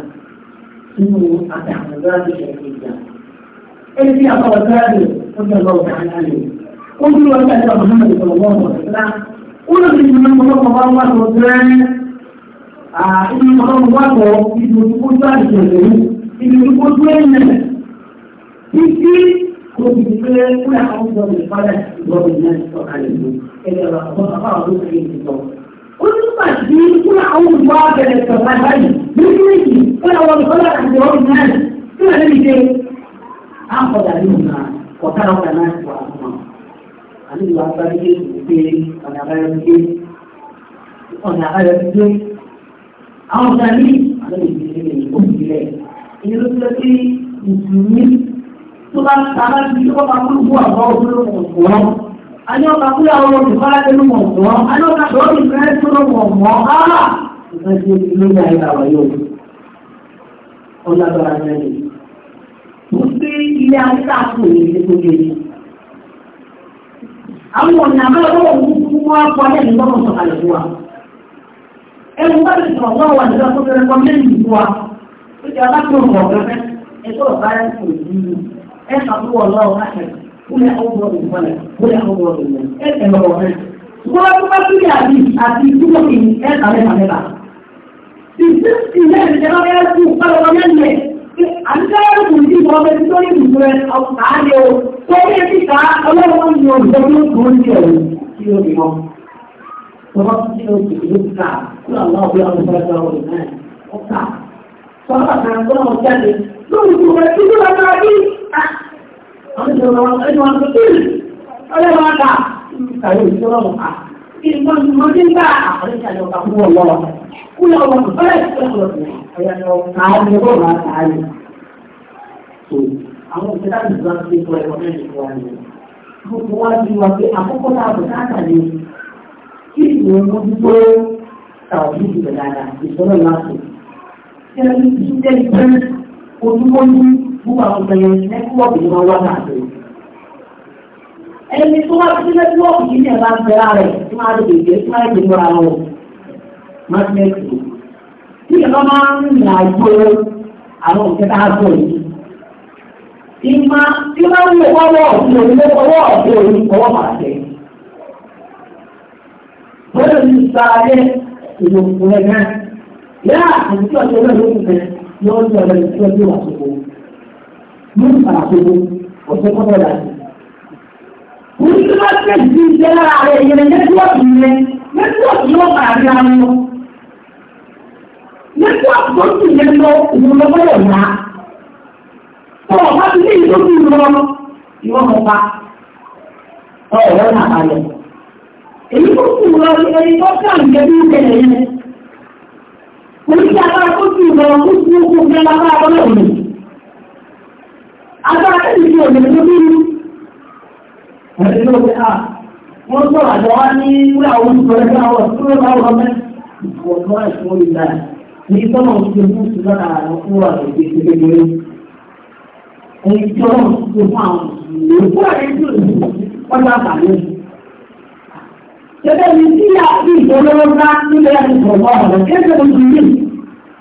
سنو أتعمل ذات شديدة إذ في أقوى ذلك رضي الله تعالى عنه قلت له أنت محمد صلى الله عليه وسلم قلت لمن صلى الله عليه وسلم ìlú ọlọ́run wà lọ ìlú ojú àjẹ́ ìlú ìlú ojú ẹ̀yẹ títí olùdíje fún àwọn ọmọ ìfọ́lá ìgbọ́dọ̀ náà sọ̀kalẹ̀ ló ẹ̀yẹ ọ̀rọ̀ àbọ̀ àbá ọ̀rọ̀ ìfẹ́ ìdìbò. ó ní pàṣẹ fún àwọn olùwà bẹ̀rẹ̀ sọ̀kalẹ̀ báyìí bíríkìlìkì ó lọ wọlé kọ́lá àti ọ̀rọ̀ náà tí wọ́n lè ṣe àkọ́dà nínú náà kọ̀tà ọ̀gá náà wà fún wọn. àmì ìwà àgbáyé pé ọ̀nà àbáyọ ti dé ọ̀nà àbáyọ wọ́n ti lórí ayé àwọn yóò ọlágbára ní ẹni. Mo gbé ilé ayé tààkù ní ilé tó lé ní. Àwọn ọ̀nà àbẹ́rẹ́ wọ́n mú wá pọ̀ ní ẹni lọ́wọ́ sọ̀kalẹ̀ fún wa. Ẹnu bá ti sọ̀rọ̀ wọ́n wà nígbà tó fẹ́rẹ́ kọ́ mẹ́rin fún wa. Ó ti alákùnrin ọ̀gọ̀ fẹ́fẹ́. Ẹ tó bá ẹ kò yí ni. Ẹ kàtó wọ̀ lọ́wọ́ láti ẹ̀. Kúlẹ̀ ọ̀gbọ̀ ìfọ̀lẹ̀. Kúlẹ̀ ọ̀gbọ̀ ìfọ̀lẹ̀. Ẹ ìsísì ìjọba bẹ́ẹ̀ kú pẹ́lọ́wọ́ mẹ́lẹ̀ àbíkáyọ̀ kò sí ìwọ bẹ́ẹ̀ tó ní ìlú rẹ̀ ọ̀tá ni o tó yẹ kí ká ọlọ́wọ́ ni òjò ló kò ń jẹ o kí o ní wọn. Tọ́lá tí o kì í ká kí àwọn ọ̀gbẹ́ ọ̀gbẹ́ ọ̀gbẹ́ ọ̀gbẹ́ ọ̀ká. Tọ́lá kan tó náà jáde lórí ìlú rẹ̀ tí ó ìjọba ẹni ìjọba ọ̀ká. ìjọba ọ̀ká fún kúlọ̀ wọn wá ààrẹ. So yìí ní ìṣúté ìgbẹ́ ojúmọ́jú gbogbo àwọn ìgbẹ̀yẹn wọ́n wá káàkiri. Ẹni tó wá sí nẹ́tíwọ́ọ̀kì mágínẹ́tì tí ìjọba máa ń rìn àjò àwọn òkèta àgbò yìí ìmá tí máa ń lò wọ́wọ́ ọ̀sìn òní lọ́wọ́ ọ̀sìn òní ọwọ́ máa bọ́lá ní sáré ìlú ìpínlẹ̀ náà yáà àti ọjọ́ náà ló ń ní wọ́n ti ọ̀rẹ́ ìtú ọjọ́ àsopọ̀ ní ìpàdásopọ̀ ọ̀sẹ̀ kọ́tọ̀ dàdí. Oníṣẹ́ bá tẹ̀sí ìṣẹ́ lára rẹ̀ ìyẹn nẹ́tíwọ̀kì yẹn nẹ́tíwọ̀kì yóò bàrà nípa àtúntò yẹn lọ ìwọ̀n lọ́wọ́ ná. Ọ̀rọ̀ bá ti ní ìtọ́jú lọ ìwọ̀n mọ̀ pa. Ọ̀rọ̀ náà balẹ̀. Èyí tó kù lọ ẹni tó ká nǹkan bí yẹn. Oríṣi agbára tó kù lọ kó kú lọ́wọ́ Agbára tó kù lọ Ẹ̀rí ló hà. Wọ́n sọ̀rọ̀ àjọ ní wúlò àwọn ẹgbẹ́ ní sọ́nà ti mú ṣùgbọ́n àwọn fún wa lè ṣe kékeré. Ẹni tí ọlọ́run ti fún àwọn ìlú fún àwọn ìlú wọn bá bà lé. Gẹ́gẹ́ bí tí a fi bá nílé ẹni sọ̀rọ̀ ọ̀rọ̀ kéde ojú ilé.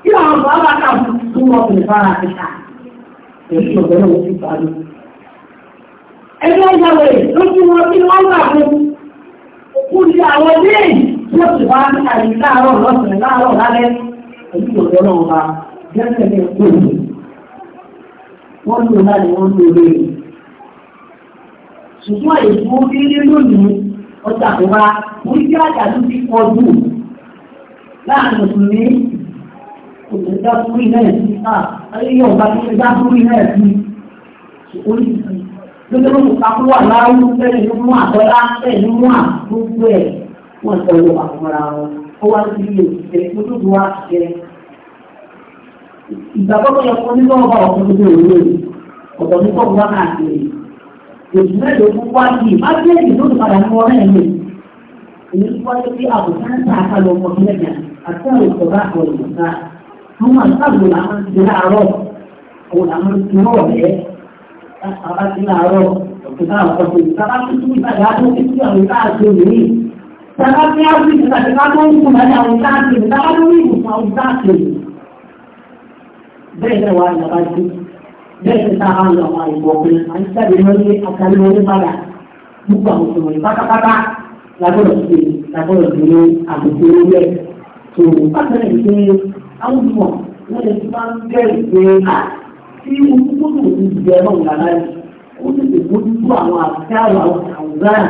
Kí àwọn bàbá bá kà fún wọn kò fara kíkà. Èyí ọ̀gbẹ́ náà ti parí. Ẹgbẹ́ ìyàwó rẹ̀ lójú wọn kí wọ́n gbà fún. Kúrò àwọn ilé ìwọ̀n ti wá àyíká àárọ̀ lọ́sàn láàárọ̀ lálẹ́ pẹ̀lú ìrọ̀lẹ́ náà wá gẹ́gẹ́ ọjà tó wá orí bí àjàdú ti pọ̀ jù láàrin òṣèré òṣèré fúrí náà sí ayé ọba tó ṣe dá fúrí náà sí orí lókè lókè mú àtọ́lá fẹ́rẹ̀ ìgbàgbọ́ tó yẹ fún onígbọ̀wọ́ bá ọ̀tún gbogbo òwe ọ̀tọ̀ ní kọ́ọ̀bù wá káàkiri èsì mẹ́lẹ̀ fún wáyé má bí èyí ló ti padà mú ọ̀rẹ́ mi èyí tó wáyé pé àbùkán ń ta àkàlọ̀ ọmọ tó lẹ́jà àti àwọn ìṣọ̀rọ̀ àkọ́ ìṣọ̀rọ̀ àwọn máa ń sábò làwọn ti láàárọ̀ àwọn làwọn ti rọ̀ rẹ̀ àbá ti láàárọ̀ ọ̀tún náà ọ̀tún ìtàbá tó tún ìtàgé àdó ti tún àwọn ìtàgé àti òmìnir Tàbá tí a fi ìtàgé ká tó ń kùn láti àwọn ìtàgé, tàbá tó bẹ́ẹ̀ náà wà lọ́ba jù bẹ́ẹ̀ ti ta àwọn ọmọ ìbò ọkùnrin à ń sábẹ wọn ní àtàlẹ wọn ní padà gbogbo àwọn ọmọ yìí pátápátá lágbọ́dọ̀ ṣe lágbọ́dọ̀ ṣe ní àbùkù orí ẹ̀ tó bákan náà ṣe àwọn ìmọ̀ wọn lè ti máa ń bẹ̀rù pé à tí ojú tó tó ti jẹ náà lára yìí ó sì ti bójú tó àwọn àfikáàrọ̀ àwùrán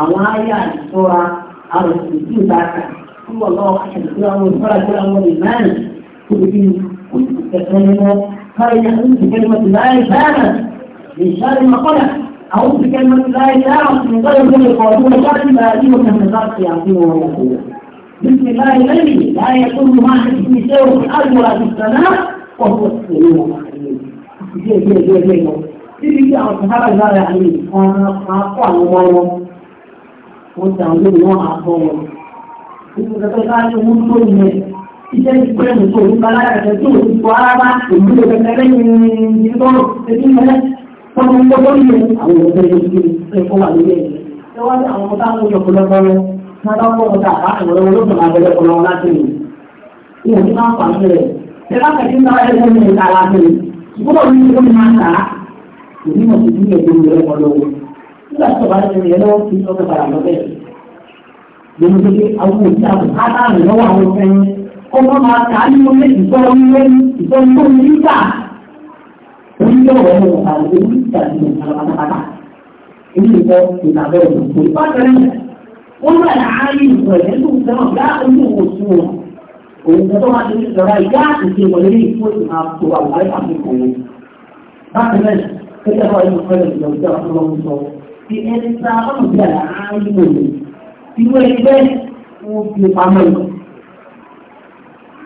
àwọn àyà ìṣọ́ra àwọn ìṣèjú ìdáka fún ọlọ́wọ́ àṣẹ كلمة خرج أنت كلمة لا إشارة من شر ما أو أعوذ بكلمة لا إشارة من غير كل قوتون شر ما أن من النظر يعطيه ويقول بسم الله الذي لا يكون واحد اسم شيء في الأرض ولا في السماء وهو السليم العليم. جي جي جي جي تيجي على الصحابة لا يعني أنا أقوى المرة وأنت عندي نوع أقوى. إذا كنت قاعد يموت كل iṣẹ́ ti pẹ́ mi tó ní balára ẹ̀sẹ̀ ti kọ́ ara bá èmi ló fẹ́ lẹ́yìn ní ẹbí mẹ́lẹ́ wọ́n ń gbọ́ lórí àwọn ọ̀gá ẹ̀jẹ̀ ti wà lórí ẹ̀jẹ̀ ṣé wọ́n àwọn ọ̀gá àwọn ọ̀gá ọ̀gá ọ̀gá ọ̀gá ọ̀gá àwọn olóògùn abẹ́lẹ́ ọ̀gá láti rìn ìwọ̀n ti máa ń pa sí rẹ̀ bá kẹ̀kẹ́ ń bá ẹgbẹ́ mi ta láti rìn gbọ́dọ̀ ní ìwé mi máa ń ta èmi mọ̀ sí ní ẹ̀gbẹ́ mi lọ́wọ́ nígbà tí ọ̀gá kó máa ta ní orí ìfọ́nwé ìfọ́nwé nígbà oníyọ̀wọ̀ ọmọ àti oníṣà ti lè ta pátápátá. Èyí ni wọ́n ti ta bẹ́ẹ̀ lọ ìjọba tó wà sọ. Fi ẹni sá ọ̀nà bí àlá á rí ìrọ̀lẹ́. Irú ẹni bẹ́ẹ̀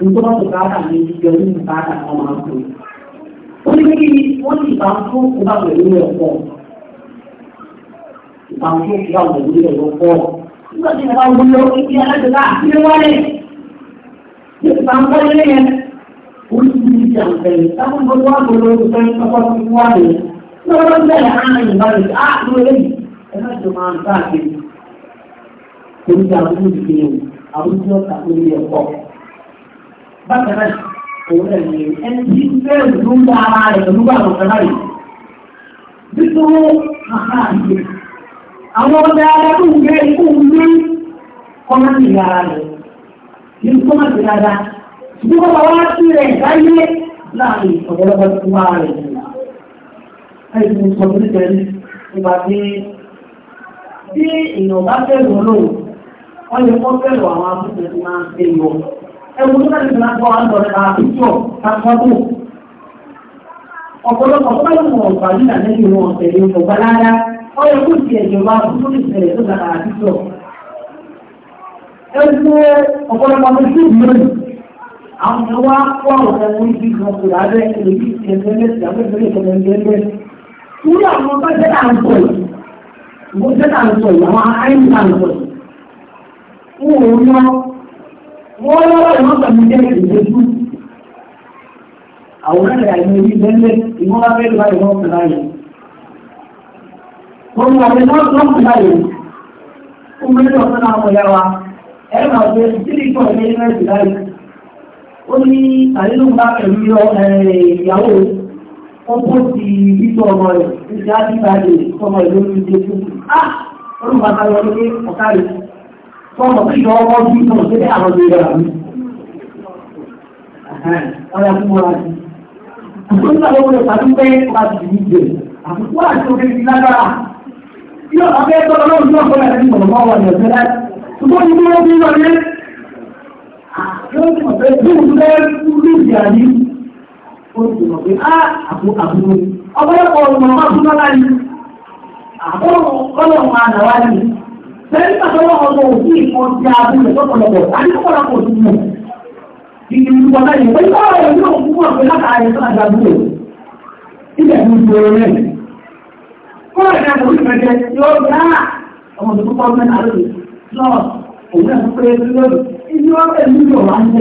nígbà wọn bùkà kà ní ìjọ ní bùkà kà wọn máa ń pè. ó ní kí wọ́n ti bá fún ìgbà pẹ̀lú rẹ̀ pọ̀. fún ìgbà pẹ̀lú rẹ̀ lọ pọ̀. nígbà tí wọ́n wú lọ ibi alájọba àti wálé. ìbá ń kọ́ lé yẹn. ó ti di táwọn gbogbo àgbò ló ń fẹ́ ọkọ̀ tó wà lé. lọ́wọ́ bẹ̀rẹ̀ àná ìbálẹ̀ bákan náà òun náà ní ẹni tí bẹ́ẹ̀ ló ń bá ara rẹ̀ ló bá àwọn ọ̀sán láyé nítorí àhá àyè àwọn ọmọdé ara tó ń gbé ikú ní kọ́mọ́tì ara rẹ̀ ní kọ́mọ́tì ara ṣùgbọ́n bàbá wá sí rẹ̀ láyé láàrin ọ̀pọ̀lọpọ̀ tó wá rẹ̀ nìyà. ẹ̀sìn mo sọ fún ìtẹ́rí nípa pé tí èèyàn bá fẹ́ràn lóhùn wọ́n lè kọ́ fẹ́ràn àwọn abúlé tó máa ń gbé yọ. ẹ̀wù tó ọ̀pọ̀lọpọ̀ tó bá yẹ wọn ọ̀gbà nígbà lẹ́yìn wọn ọ̀sẹ̀ ní ọ̀gbà lára tó ọ̀pọ̀lọpọ̀ tó sì àwọn wọ́n lọ́pẹ̀ àìmọ̀ orí lẹ́lẹ̀ ìmọ́ra fẹ́ lọ́wọ́ ìwọ́n fẹ́ láyé wọ́n mú ọ̀rẹ́ náà tó ń fẹ́ láyé ó mẹ́rin ọ̀sán náà mọ̀ yára ẹ̀rọ ọ̀sẹ̀ ìdílé ìtọ́ ilé ilé ẹ̀sìn láyé ó ní àlélùmọ́ pẹ̀lú ìyàwó ah! ó kó tọ́mọ̀ tí yọ ọmọ ojú ìtàn sí àwọn ọdún ìrọ̀lá mi. Ọ̀rẹ́ fún wọn láti. Àti ó ń gbà lọ́wọ́ pé wà á ti ní ìjẹ. àti òkè ti lágbára. Yọ abẹ́ tọ́lọ́ náà ní ọ̀pọ̀ láti ní ọ̀pọ̀ wọn yọ̀ láti. Ṣùgbọ́n ní wọ́n bí òun fẹ́ kúrú ìdí Sẹ́yìn pàtó wọn ọmọ òsì ìfọ̀ ti abúlé lọ́pọ̀lọpọ̀, àti lọ́pọ̀lọpọ̀ òsì mọ̀. Ìdí ìdúgbò náà yìí, pẹ̀lú ọ̀rọ̀ ìlú òkú wọn pé láta ayé sọ́nà àdàbúlé. Ibẹ̀ ni ìṣòro rẹ̀. Kọ́lá ìdá ìṣòro ìfẹ̀jẹ̀ ni ó gbá ọmọ tó kọ́ mẹ́ta lórí. Lọ́ọ̀ òun náà tó pé lórí. Ibi wọn bẹ̀ níbi ọ̀rọ̀ ń tó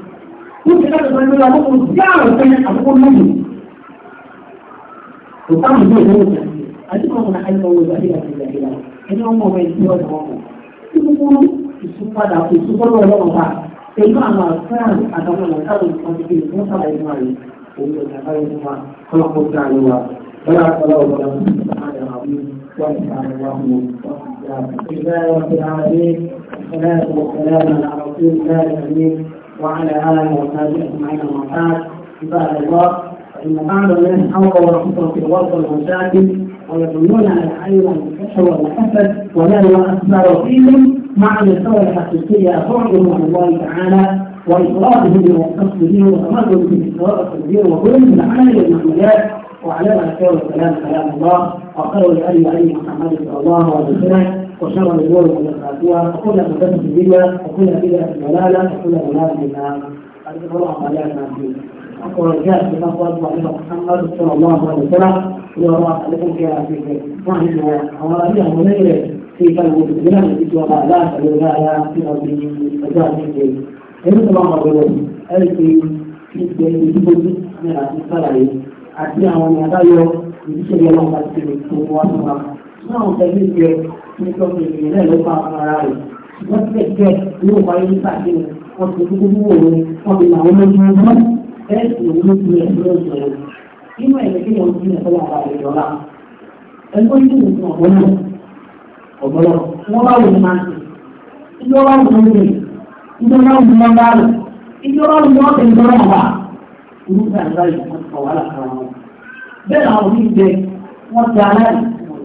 Níbi láti máa ń lọ àwọn kò sí àrùn fẹ́ àkókò lóyún. Kò sáàmù ní ìlú ìjà. Àdúgbò ọmọ náà ayọ̀ owó ìgbàdí àti ìgbàdí wa. Ẹni ọmọ ọmọ ẹni tí wọ́n lọ wọ́n. Tí gbogbo ìsúpadà kò sí bọ́lá ọlọ́run wa. Pẹ̀lú àwọn àfẹ́ràn àtàwọn ọ̀nà táwọn ìfọ̀n ti kéde fún sábà ìmọ̀ rẹ̀. Òun ló dábàá yẹn wá kọ́lọ́kọ́ sí àlọ́ wa. Bọ́lá àtọ́lá ọ̀gbọ́n وإسلام رب العالمين والصلاة والسلام على رسول الله الأمين وعلى آله وتابعهم عين الرحمات عباد الله فإن بعض الناس حول الخطرة الورق والمشاكل ويظنون أن الحي والكسل والحسد ولا هو أكبر فيهم مع المستوى الحقيقية بعدهم عن الله تعالى وإفراده والقصد به وتمرد في سواء التدبير وكل من عمل المعمولات وعلى الخير والسلام كلام الله وقالوا الهدي هدي محمد صلى الله عليه وسلم وشر الأمور محدثاتها وكل محدثة بدعة وكل بدعة ضلالة وكل ضلالة في النار أسأل الله أن لا يكون أقول جاء في أفضل وإلى محمد صلى الله عليه وسلم إلى الله عليكم يا أخي رحمه وأبيه ونجره في قلبه بلاد الإجواب لا الولاية في أرضه وجاهده إنه الله أقول ألفي في الدين من الصلاة أتي أمام يدايو بشيء الله أكبر وأكبر نعم تجد nítorí ìrìn náà ló fa ara rẹ̀ ṣùgbọ́n tẹ̀kẹ́ ló wáyé nípa kí ni wọ́n ti kúkú wò ó wọ́n fi làwọn lójú ọmọ bẹ́ẹ̀ sì ló ló ti ẹ̀sìn ló sọ̀rọ̀ inú ẹ̀ lẹ́kẹ́ yẹn ti ẹ̀kọ́ wà láàrin ìjọba ẹgbẹ́ yìí ló fún ọ̀gbọ́n náà ọ̀gbọ́n wọn bá wò ní máa ń sè ìjọba wò ní lè ìjọba wò ní wọn bá rẹ̀ ìjọba wò ní wọn tẹ̀ ìjọba wà orúkọ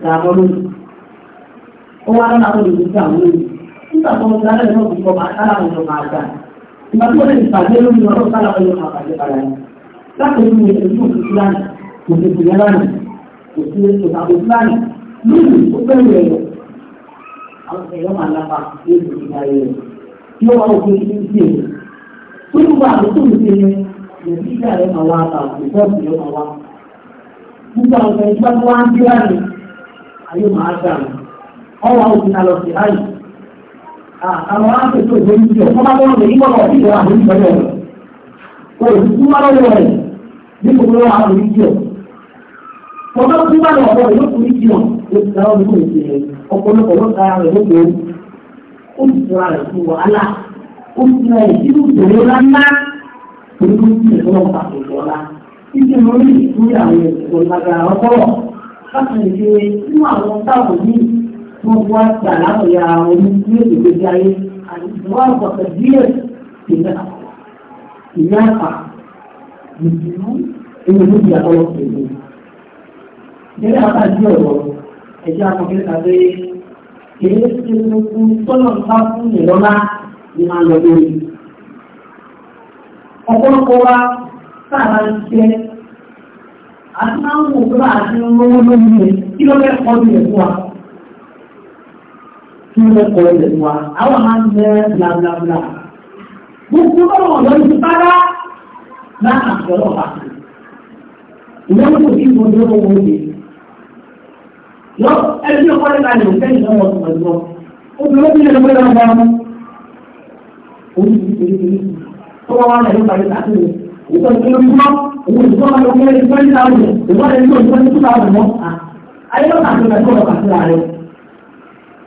àgbà yìí ó wá lọ́nà àwọn olùdókòwò àwọn olùdókòwò nígbà tó ń darí ẹ̀rọ òkùnkọ̀ máa kára àwọn ọ̀dọ́ máa gbà ìgbà tó lè pàdé lórí ọ̀rọ̀ sára ọ̀dọ́ máa pàdé padà yẹn látòjú mi ètò òkùnkùn lánàá òkùnkùn yẹn lánàá òkú ètò àbòkú lánàá lónìí ó bẹ̀rù ẹ̀yọ àwọn ẹ̀yọ́ máa lápá lórí ìgbà ẹ̀yọ yóò wá òkú ní ti èyí tó ń bá àbòkú mi ti yẹn nàìjíríà rẹ̀ máa wá àbà òkúọ̀sì rẹ̀ máa wá gbogbo àwọn ẹ̀yọ́ máa wá ń bí láàrin ayé máa dà ọwọ́ àwọn òṣìṣẹ́ sí láyé àwọn aṣètò ìwé ìjọ wọn bá wọn lè yíwọ́n lọ sí ìwọ́n àwọn ìjọ rẹ̀ o ò tún bá lọ́wọ́ rẹ̀ ní gbogbo àwọn ìjọ wọn bá tún bá lọ́wọ́ rẹ̀ lókùn ìjọ o ti dáwọ́ nínú ìjọ rẹ̀ ọ̀pọ̀lọpọ̀ ló ta rẹ̀ lókè o ti tura àwọn ìṣòro lágbára ọpọlọ láti lè ṣe nínú àwọn táwọn yìí wọ́n wá gbà ya omi tí ó ti gbèsè ayé wọ́n àgbọ̀tẹ̀ díẹ̀ ìyá ìyá àpà ìlú ló di àtọ́wọ́ pẹ̀lú. Ìjẹ́lẹ̀ àpá di ọ̀rọ̀ ẹ̀jẹ̀ akọ̀kẹ́ tàbí èyí ti gbogbo tọ́lọ̀ bá fún ìrọ́lá ni máa lọ lórí. Ọ̀pọ̀lọpọ̀ wa sáà ń jẹ́ àti máa ń wò pé bá a ń lówó lórí rẹ̀ kí ló fẹ́ kọ́ bí ẹ̀kú wa tí wọ́n kọ̀ ilẹ̀ wa àwọn máa ń jẹ́ blablabla gbogbo ọ̀rọ̀ lọ sí bára láàrín àjọrọ̀ wa ìyẹn kò sí mo dúró owó mi lọ ẹbí ọkọ nípa ni òun fẹ́yìn lọ́wọ́ ọ̀sùn pẹ̀lú ọ obìnrin bí ẹni pẹ́lú ọgbà mú òun ti fi fi tó wá wá lẹ́yìn pàdé tàbí òun tó ń lórí mọ́ òun ti fọ́ ọmọdé ọmọdé twenty thousand òun wá lẹ́yìn tó ń twenty two thousand mọ́ ayé lọ́kàn tó lẹ́kọ̀ọ́ lọ́kàn tó lárẹ́.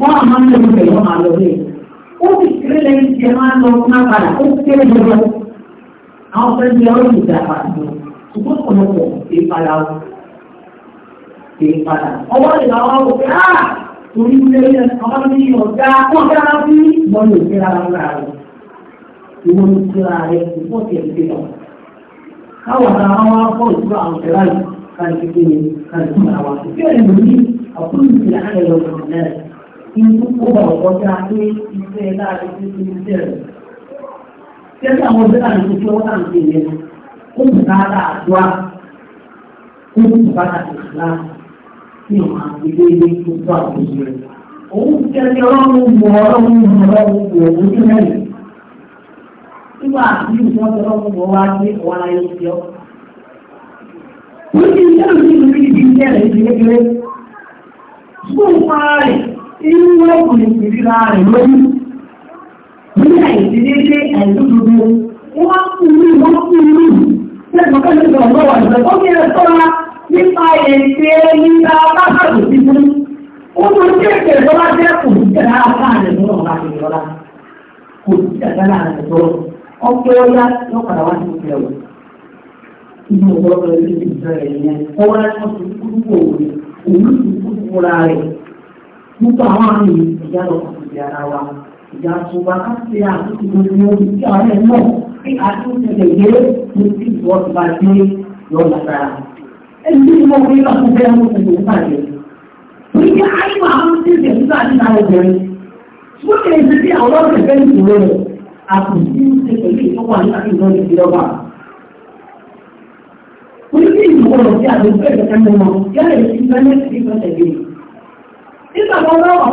wọ́n á máa ń lọ bẹ̀rẹ̀ wọ́n máa lọ bẹ́ẹ̀. ó sì kéré lẹ́yìn tí ẹ máa ń lọ fún apàdà ó kéré lọ́wọ́. àwọn fẹ́ bí ọ̀rọ̀ ìgbà pàtó ṣùgbọ́n ọ̀pọ̀lọpọ̀ kì í padà ó kì í padà. ọwọ́ ìlà wa wò pé á ah! torí ilé ilẹ̀ ọmọ mi ọ̀gá wọ́n fẹ́ ra bí wọ́n lè fi ra ra rẹ̀. ìwọ ni fi ra rẹ̀ ìfọ̀ tẹ̀ ń tẹ̀lọ̀. káwọn ará wa fọ́ ìtura àwọn ìṣẹ̀lá yìí káàkiri káàkiri àwọn àti inú ọgbà ọ̀kọ́já pé iṣẹ́ láàrin tí ó ti rẹ̀. Tẹ́lẹ̀ àwọn ọjọ́ láàrin tó fi ọwọ́ náà ṣe ó ń bá ara àdúrà, ó ń bá ara ìṣúná ní ọ̀nà àgbègbè ilé tó tó àgbègbè rẹ̀. Òun kẹ́kẹ́ ọlọ́run mọ ọlọ́run mọ ọlọ́run mọ òun tó mẹ́rin. Nígbà tí ìṣọ́ ọlọ́run mọ wá ní ọ̀wá láyé ti ọ́. Wọ́n ti ń tẹ́lẹ̀ inú ẹ̀kùn ìrírà rẹ̀ lórí ní àìsídéédé àìsódodo wọ́n kú ní wọ́n kú ní lẹ́gbọ̀n kan nípa ọ̀gbọ́n kò ní àrẹ̀ ọlá yóò padà wá sí ọwọ́ nípa àwọn àmì ìjà lọ sí ara wa ìjà àtúbà káṣí àtúntò gbogbo ìjà ààrẹ náà bí àtúntò gẹ́gẹ́ ní tí ìwọ ti bá dé lọ lágbára. ẹni tí mo fi lọ sí bẹ́ẹ̀ mo ti lè bàjẹ́. Oríṣi ayé máa ń ṣe ìṣẹ̀ nígbà tí a lè bẹ̀rẹ̀. Wọ́n lè ṣe bí àwọn ọ̀rẹ́ fẹ́ ìṣòro rẹ̀. Àkùnfí ń ṣe pẹ̀lú ìtọ́wà nígbà tí ìwọ́n lè fi lọ́wọ́. Oríṣi ìṣòro rẹ̀ sí àdúgbò ẹ̀kẹ́kẹ́ mọ́ nígbà tó ń pé ọ̀hún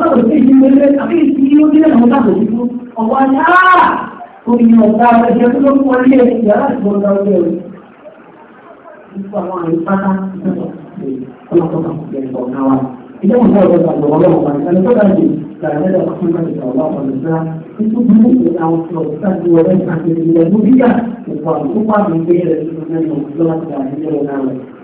sọ̀rọ̀ sí ìdílé rẹ̀ àbí ìdílé ó nílẹ̀ ọ̀dọ́ àbò sí fún ọ̀wọ́ ni á kò ní ọ̀gá tó ló kọ́ ilé yàrá ìgbọ́n lọ rẹ̀ o. Nípa àwọn àyè pátá ọlọ́pàá kò bẹ̀rẹ̀ ọ̀gá wa. Ìjọba ìjọba ìjọba ìjọba ìjọba ìjọba ìjọba ìjọba ìjọba itu dulu berlawan kita dua orang sampai dia muda upah upah mengira dengan mengelola dan mengelola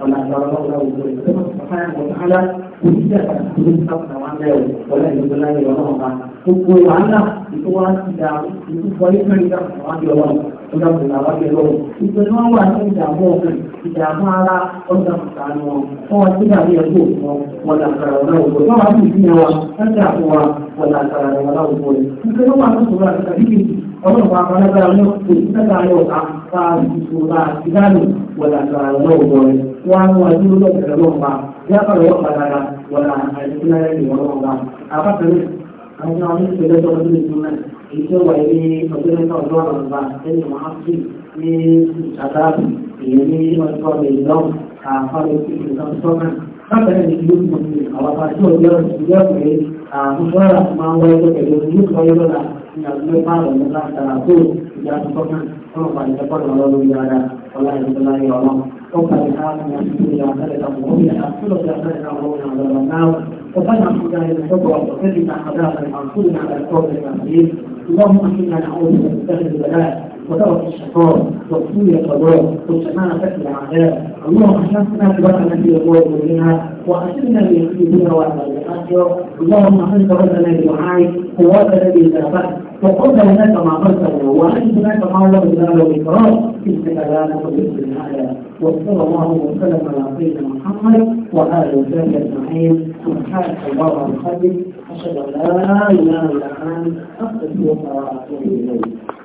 Allah Taala untuk itu Subhanahu Wa Taala tidak berusaha melawan dia oleh berlawan orang orang hukum Allah itu wajib itu boleh kita melawan dia ọlọ́pùnà wákẹ́lọ́ ìpinnu wọn wà ní ìdààmú ọ̀gbìn ìdààmú ara ọjà ìdààmú wọn wọn ti dàbí ẹgbẹ́ òkun wọn làkàrà wọn láwùjọ wọn wà ní ìdíyẹ wọn ti àpò wa wọn làkàrà wọn láwùjọ rẹ ìpinnu wọn tó sọ̀rọ̀ àti tàbí kejì ọlọ́pàá amálágbára ní òkè ìtẹ́ta ayé ọ̀tá bá a ti sọ bá a ti dánù wọn wọn láwùjọ rẹ wọn á mú adé lọ́pẹ̀rẹ̀ lọ́pàá yàtọ̀ yọ̀ padà wọn là àìsí náírà ìwọ̀n lọ́pàá àwọn ọmọ ìṣẹ̀lẹ̀ tó ń èyí tó wà ní ọjọ́ mẹ́ta ọjọ́ àrùnbá lẹ́yìn mọ́hámsì ní ṣàdáàbù èyí ní ọjọ́ mẹ́lọ́n àfáàlẹ́ sí ìlànà sọ́nà lábẹ́rẹ́ ní ìlú ìmọ̀sí àwọn àti ọjọ́ ìjọ pé àmúṣọ́ra máa ń wáyé pẹ̀lú ìlú ìkọ́yé lọ́la ní àdúgbò márùn ún látara tó ìjà sọ́nà wọn fà ní ẹ̀kọ́ lọ́wọ́ lórí ara ọlá ìjọba ayé ọlọ́ وقد آمن بسم الله الرحمن الرحيم أرسل جهنم على النار وفنح مجاهد الحب وقتلنا حداثا أرسلنا على الكون الأخير اللهم انا نعوذ بك من شر البلاء وترك الشقاء وسوء القضاء والشمال شكل العذاب اللهم اشرفنا ببركه التي يقول منها واسلنا بيقيننا وعلى الاخره اللهم انت ربنا بدعائك قوات الذي لا فقلت هناك ما قلته وعند هناك ما ورد لنا الاكرام انك لا تخلف الاعلى وصلى الله وسلم على سيدنا محمد وعلى اله وصحبه اجمعين سبحانك اللهم وبحمدك اشهد ان لا اله الا انت استغفرك واتوب اليك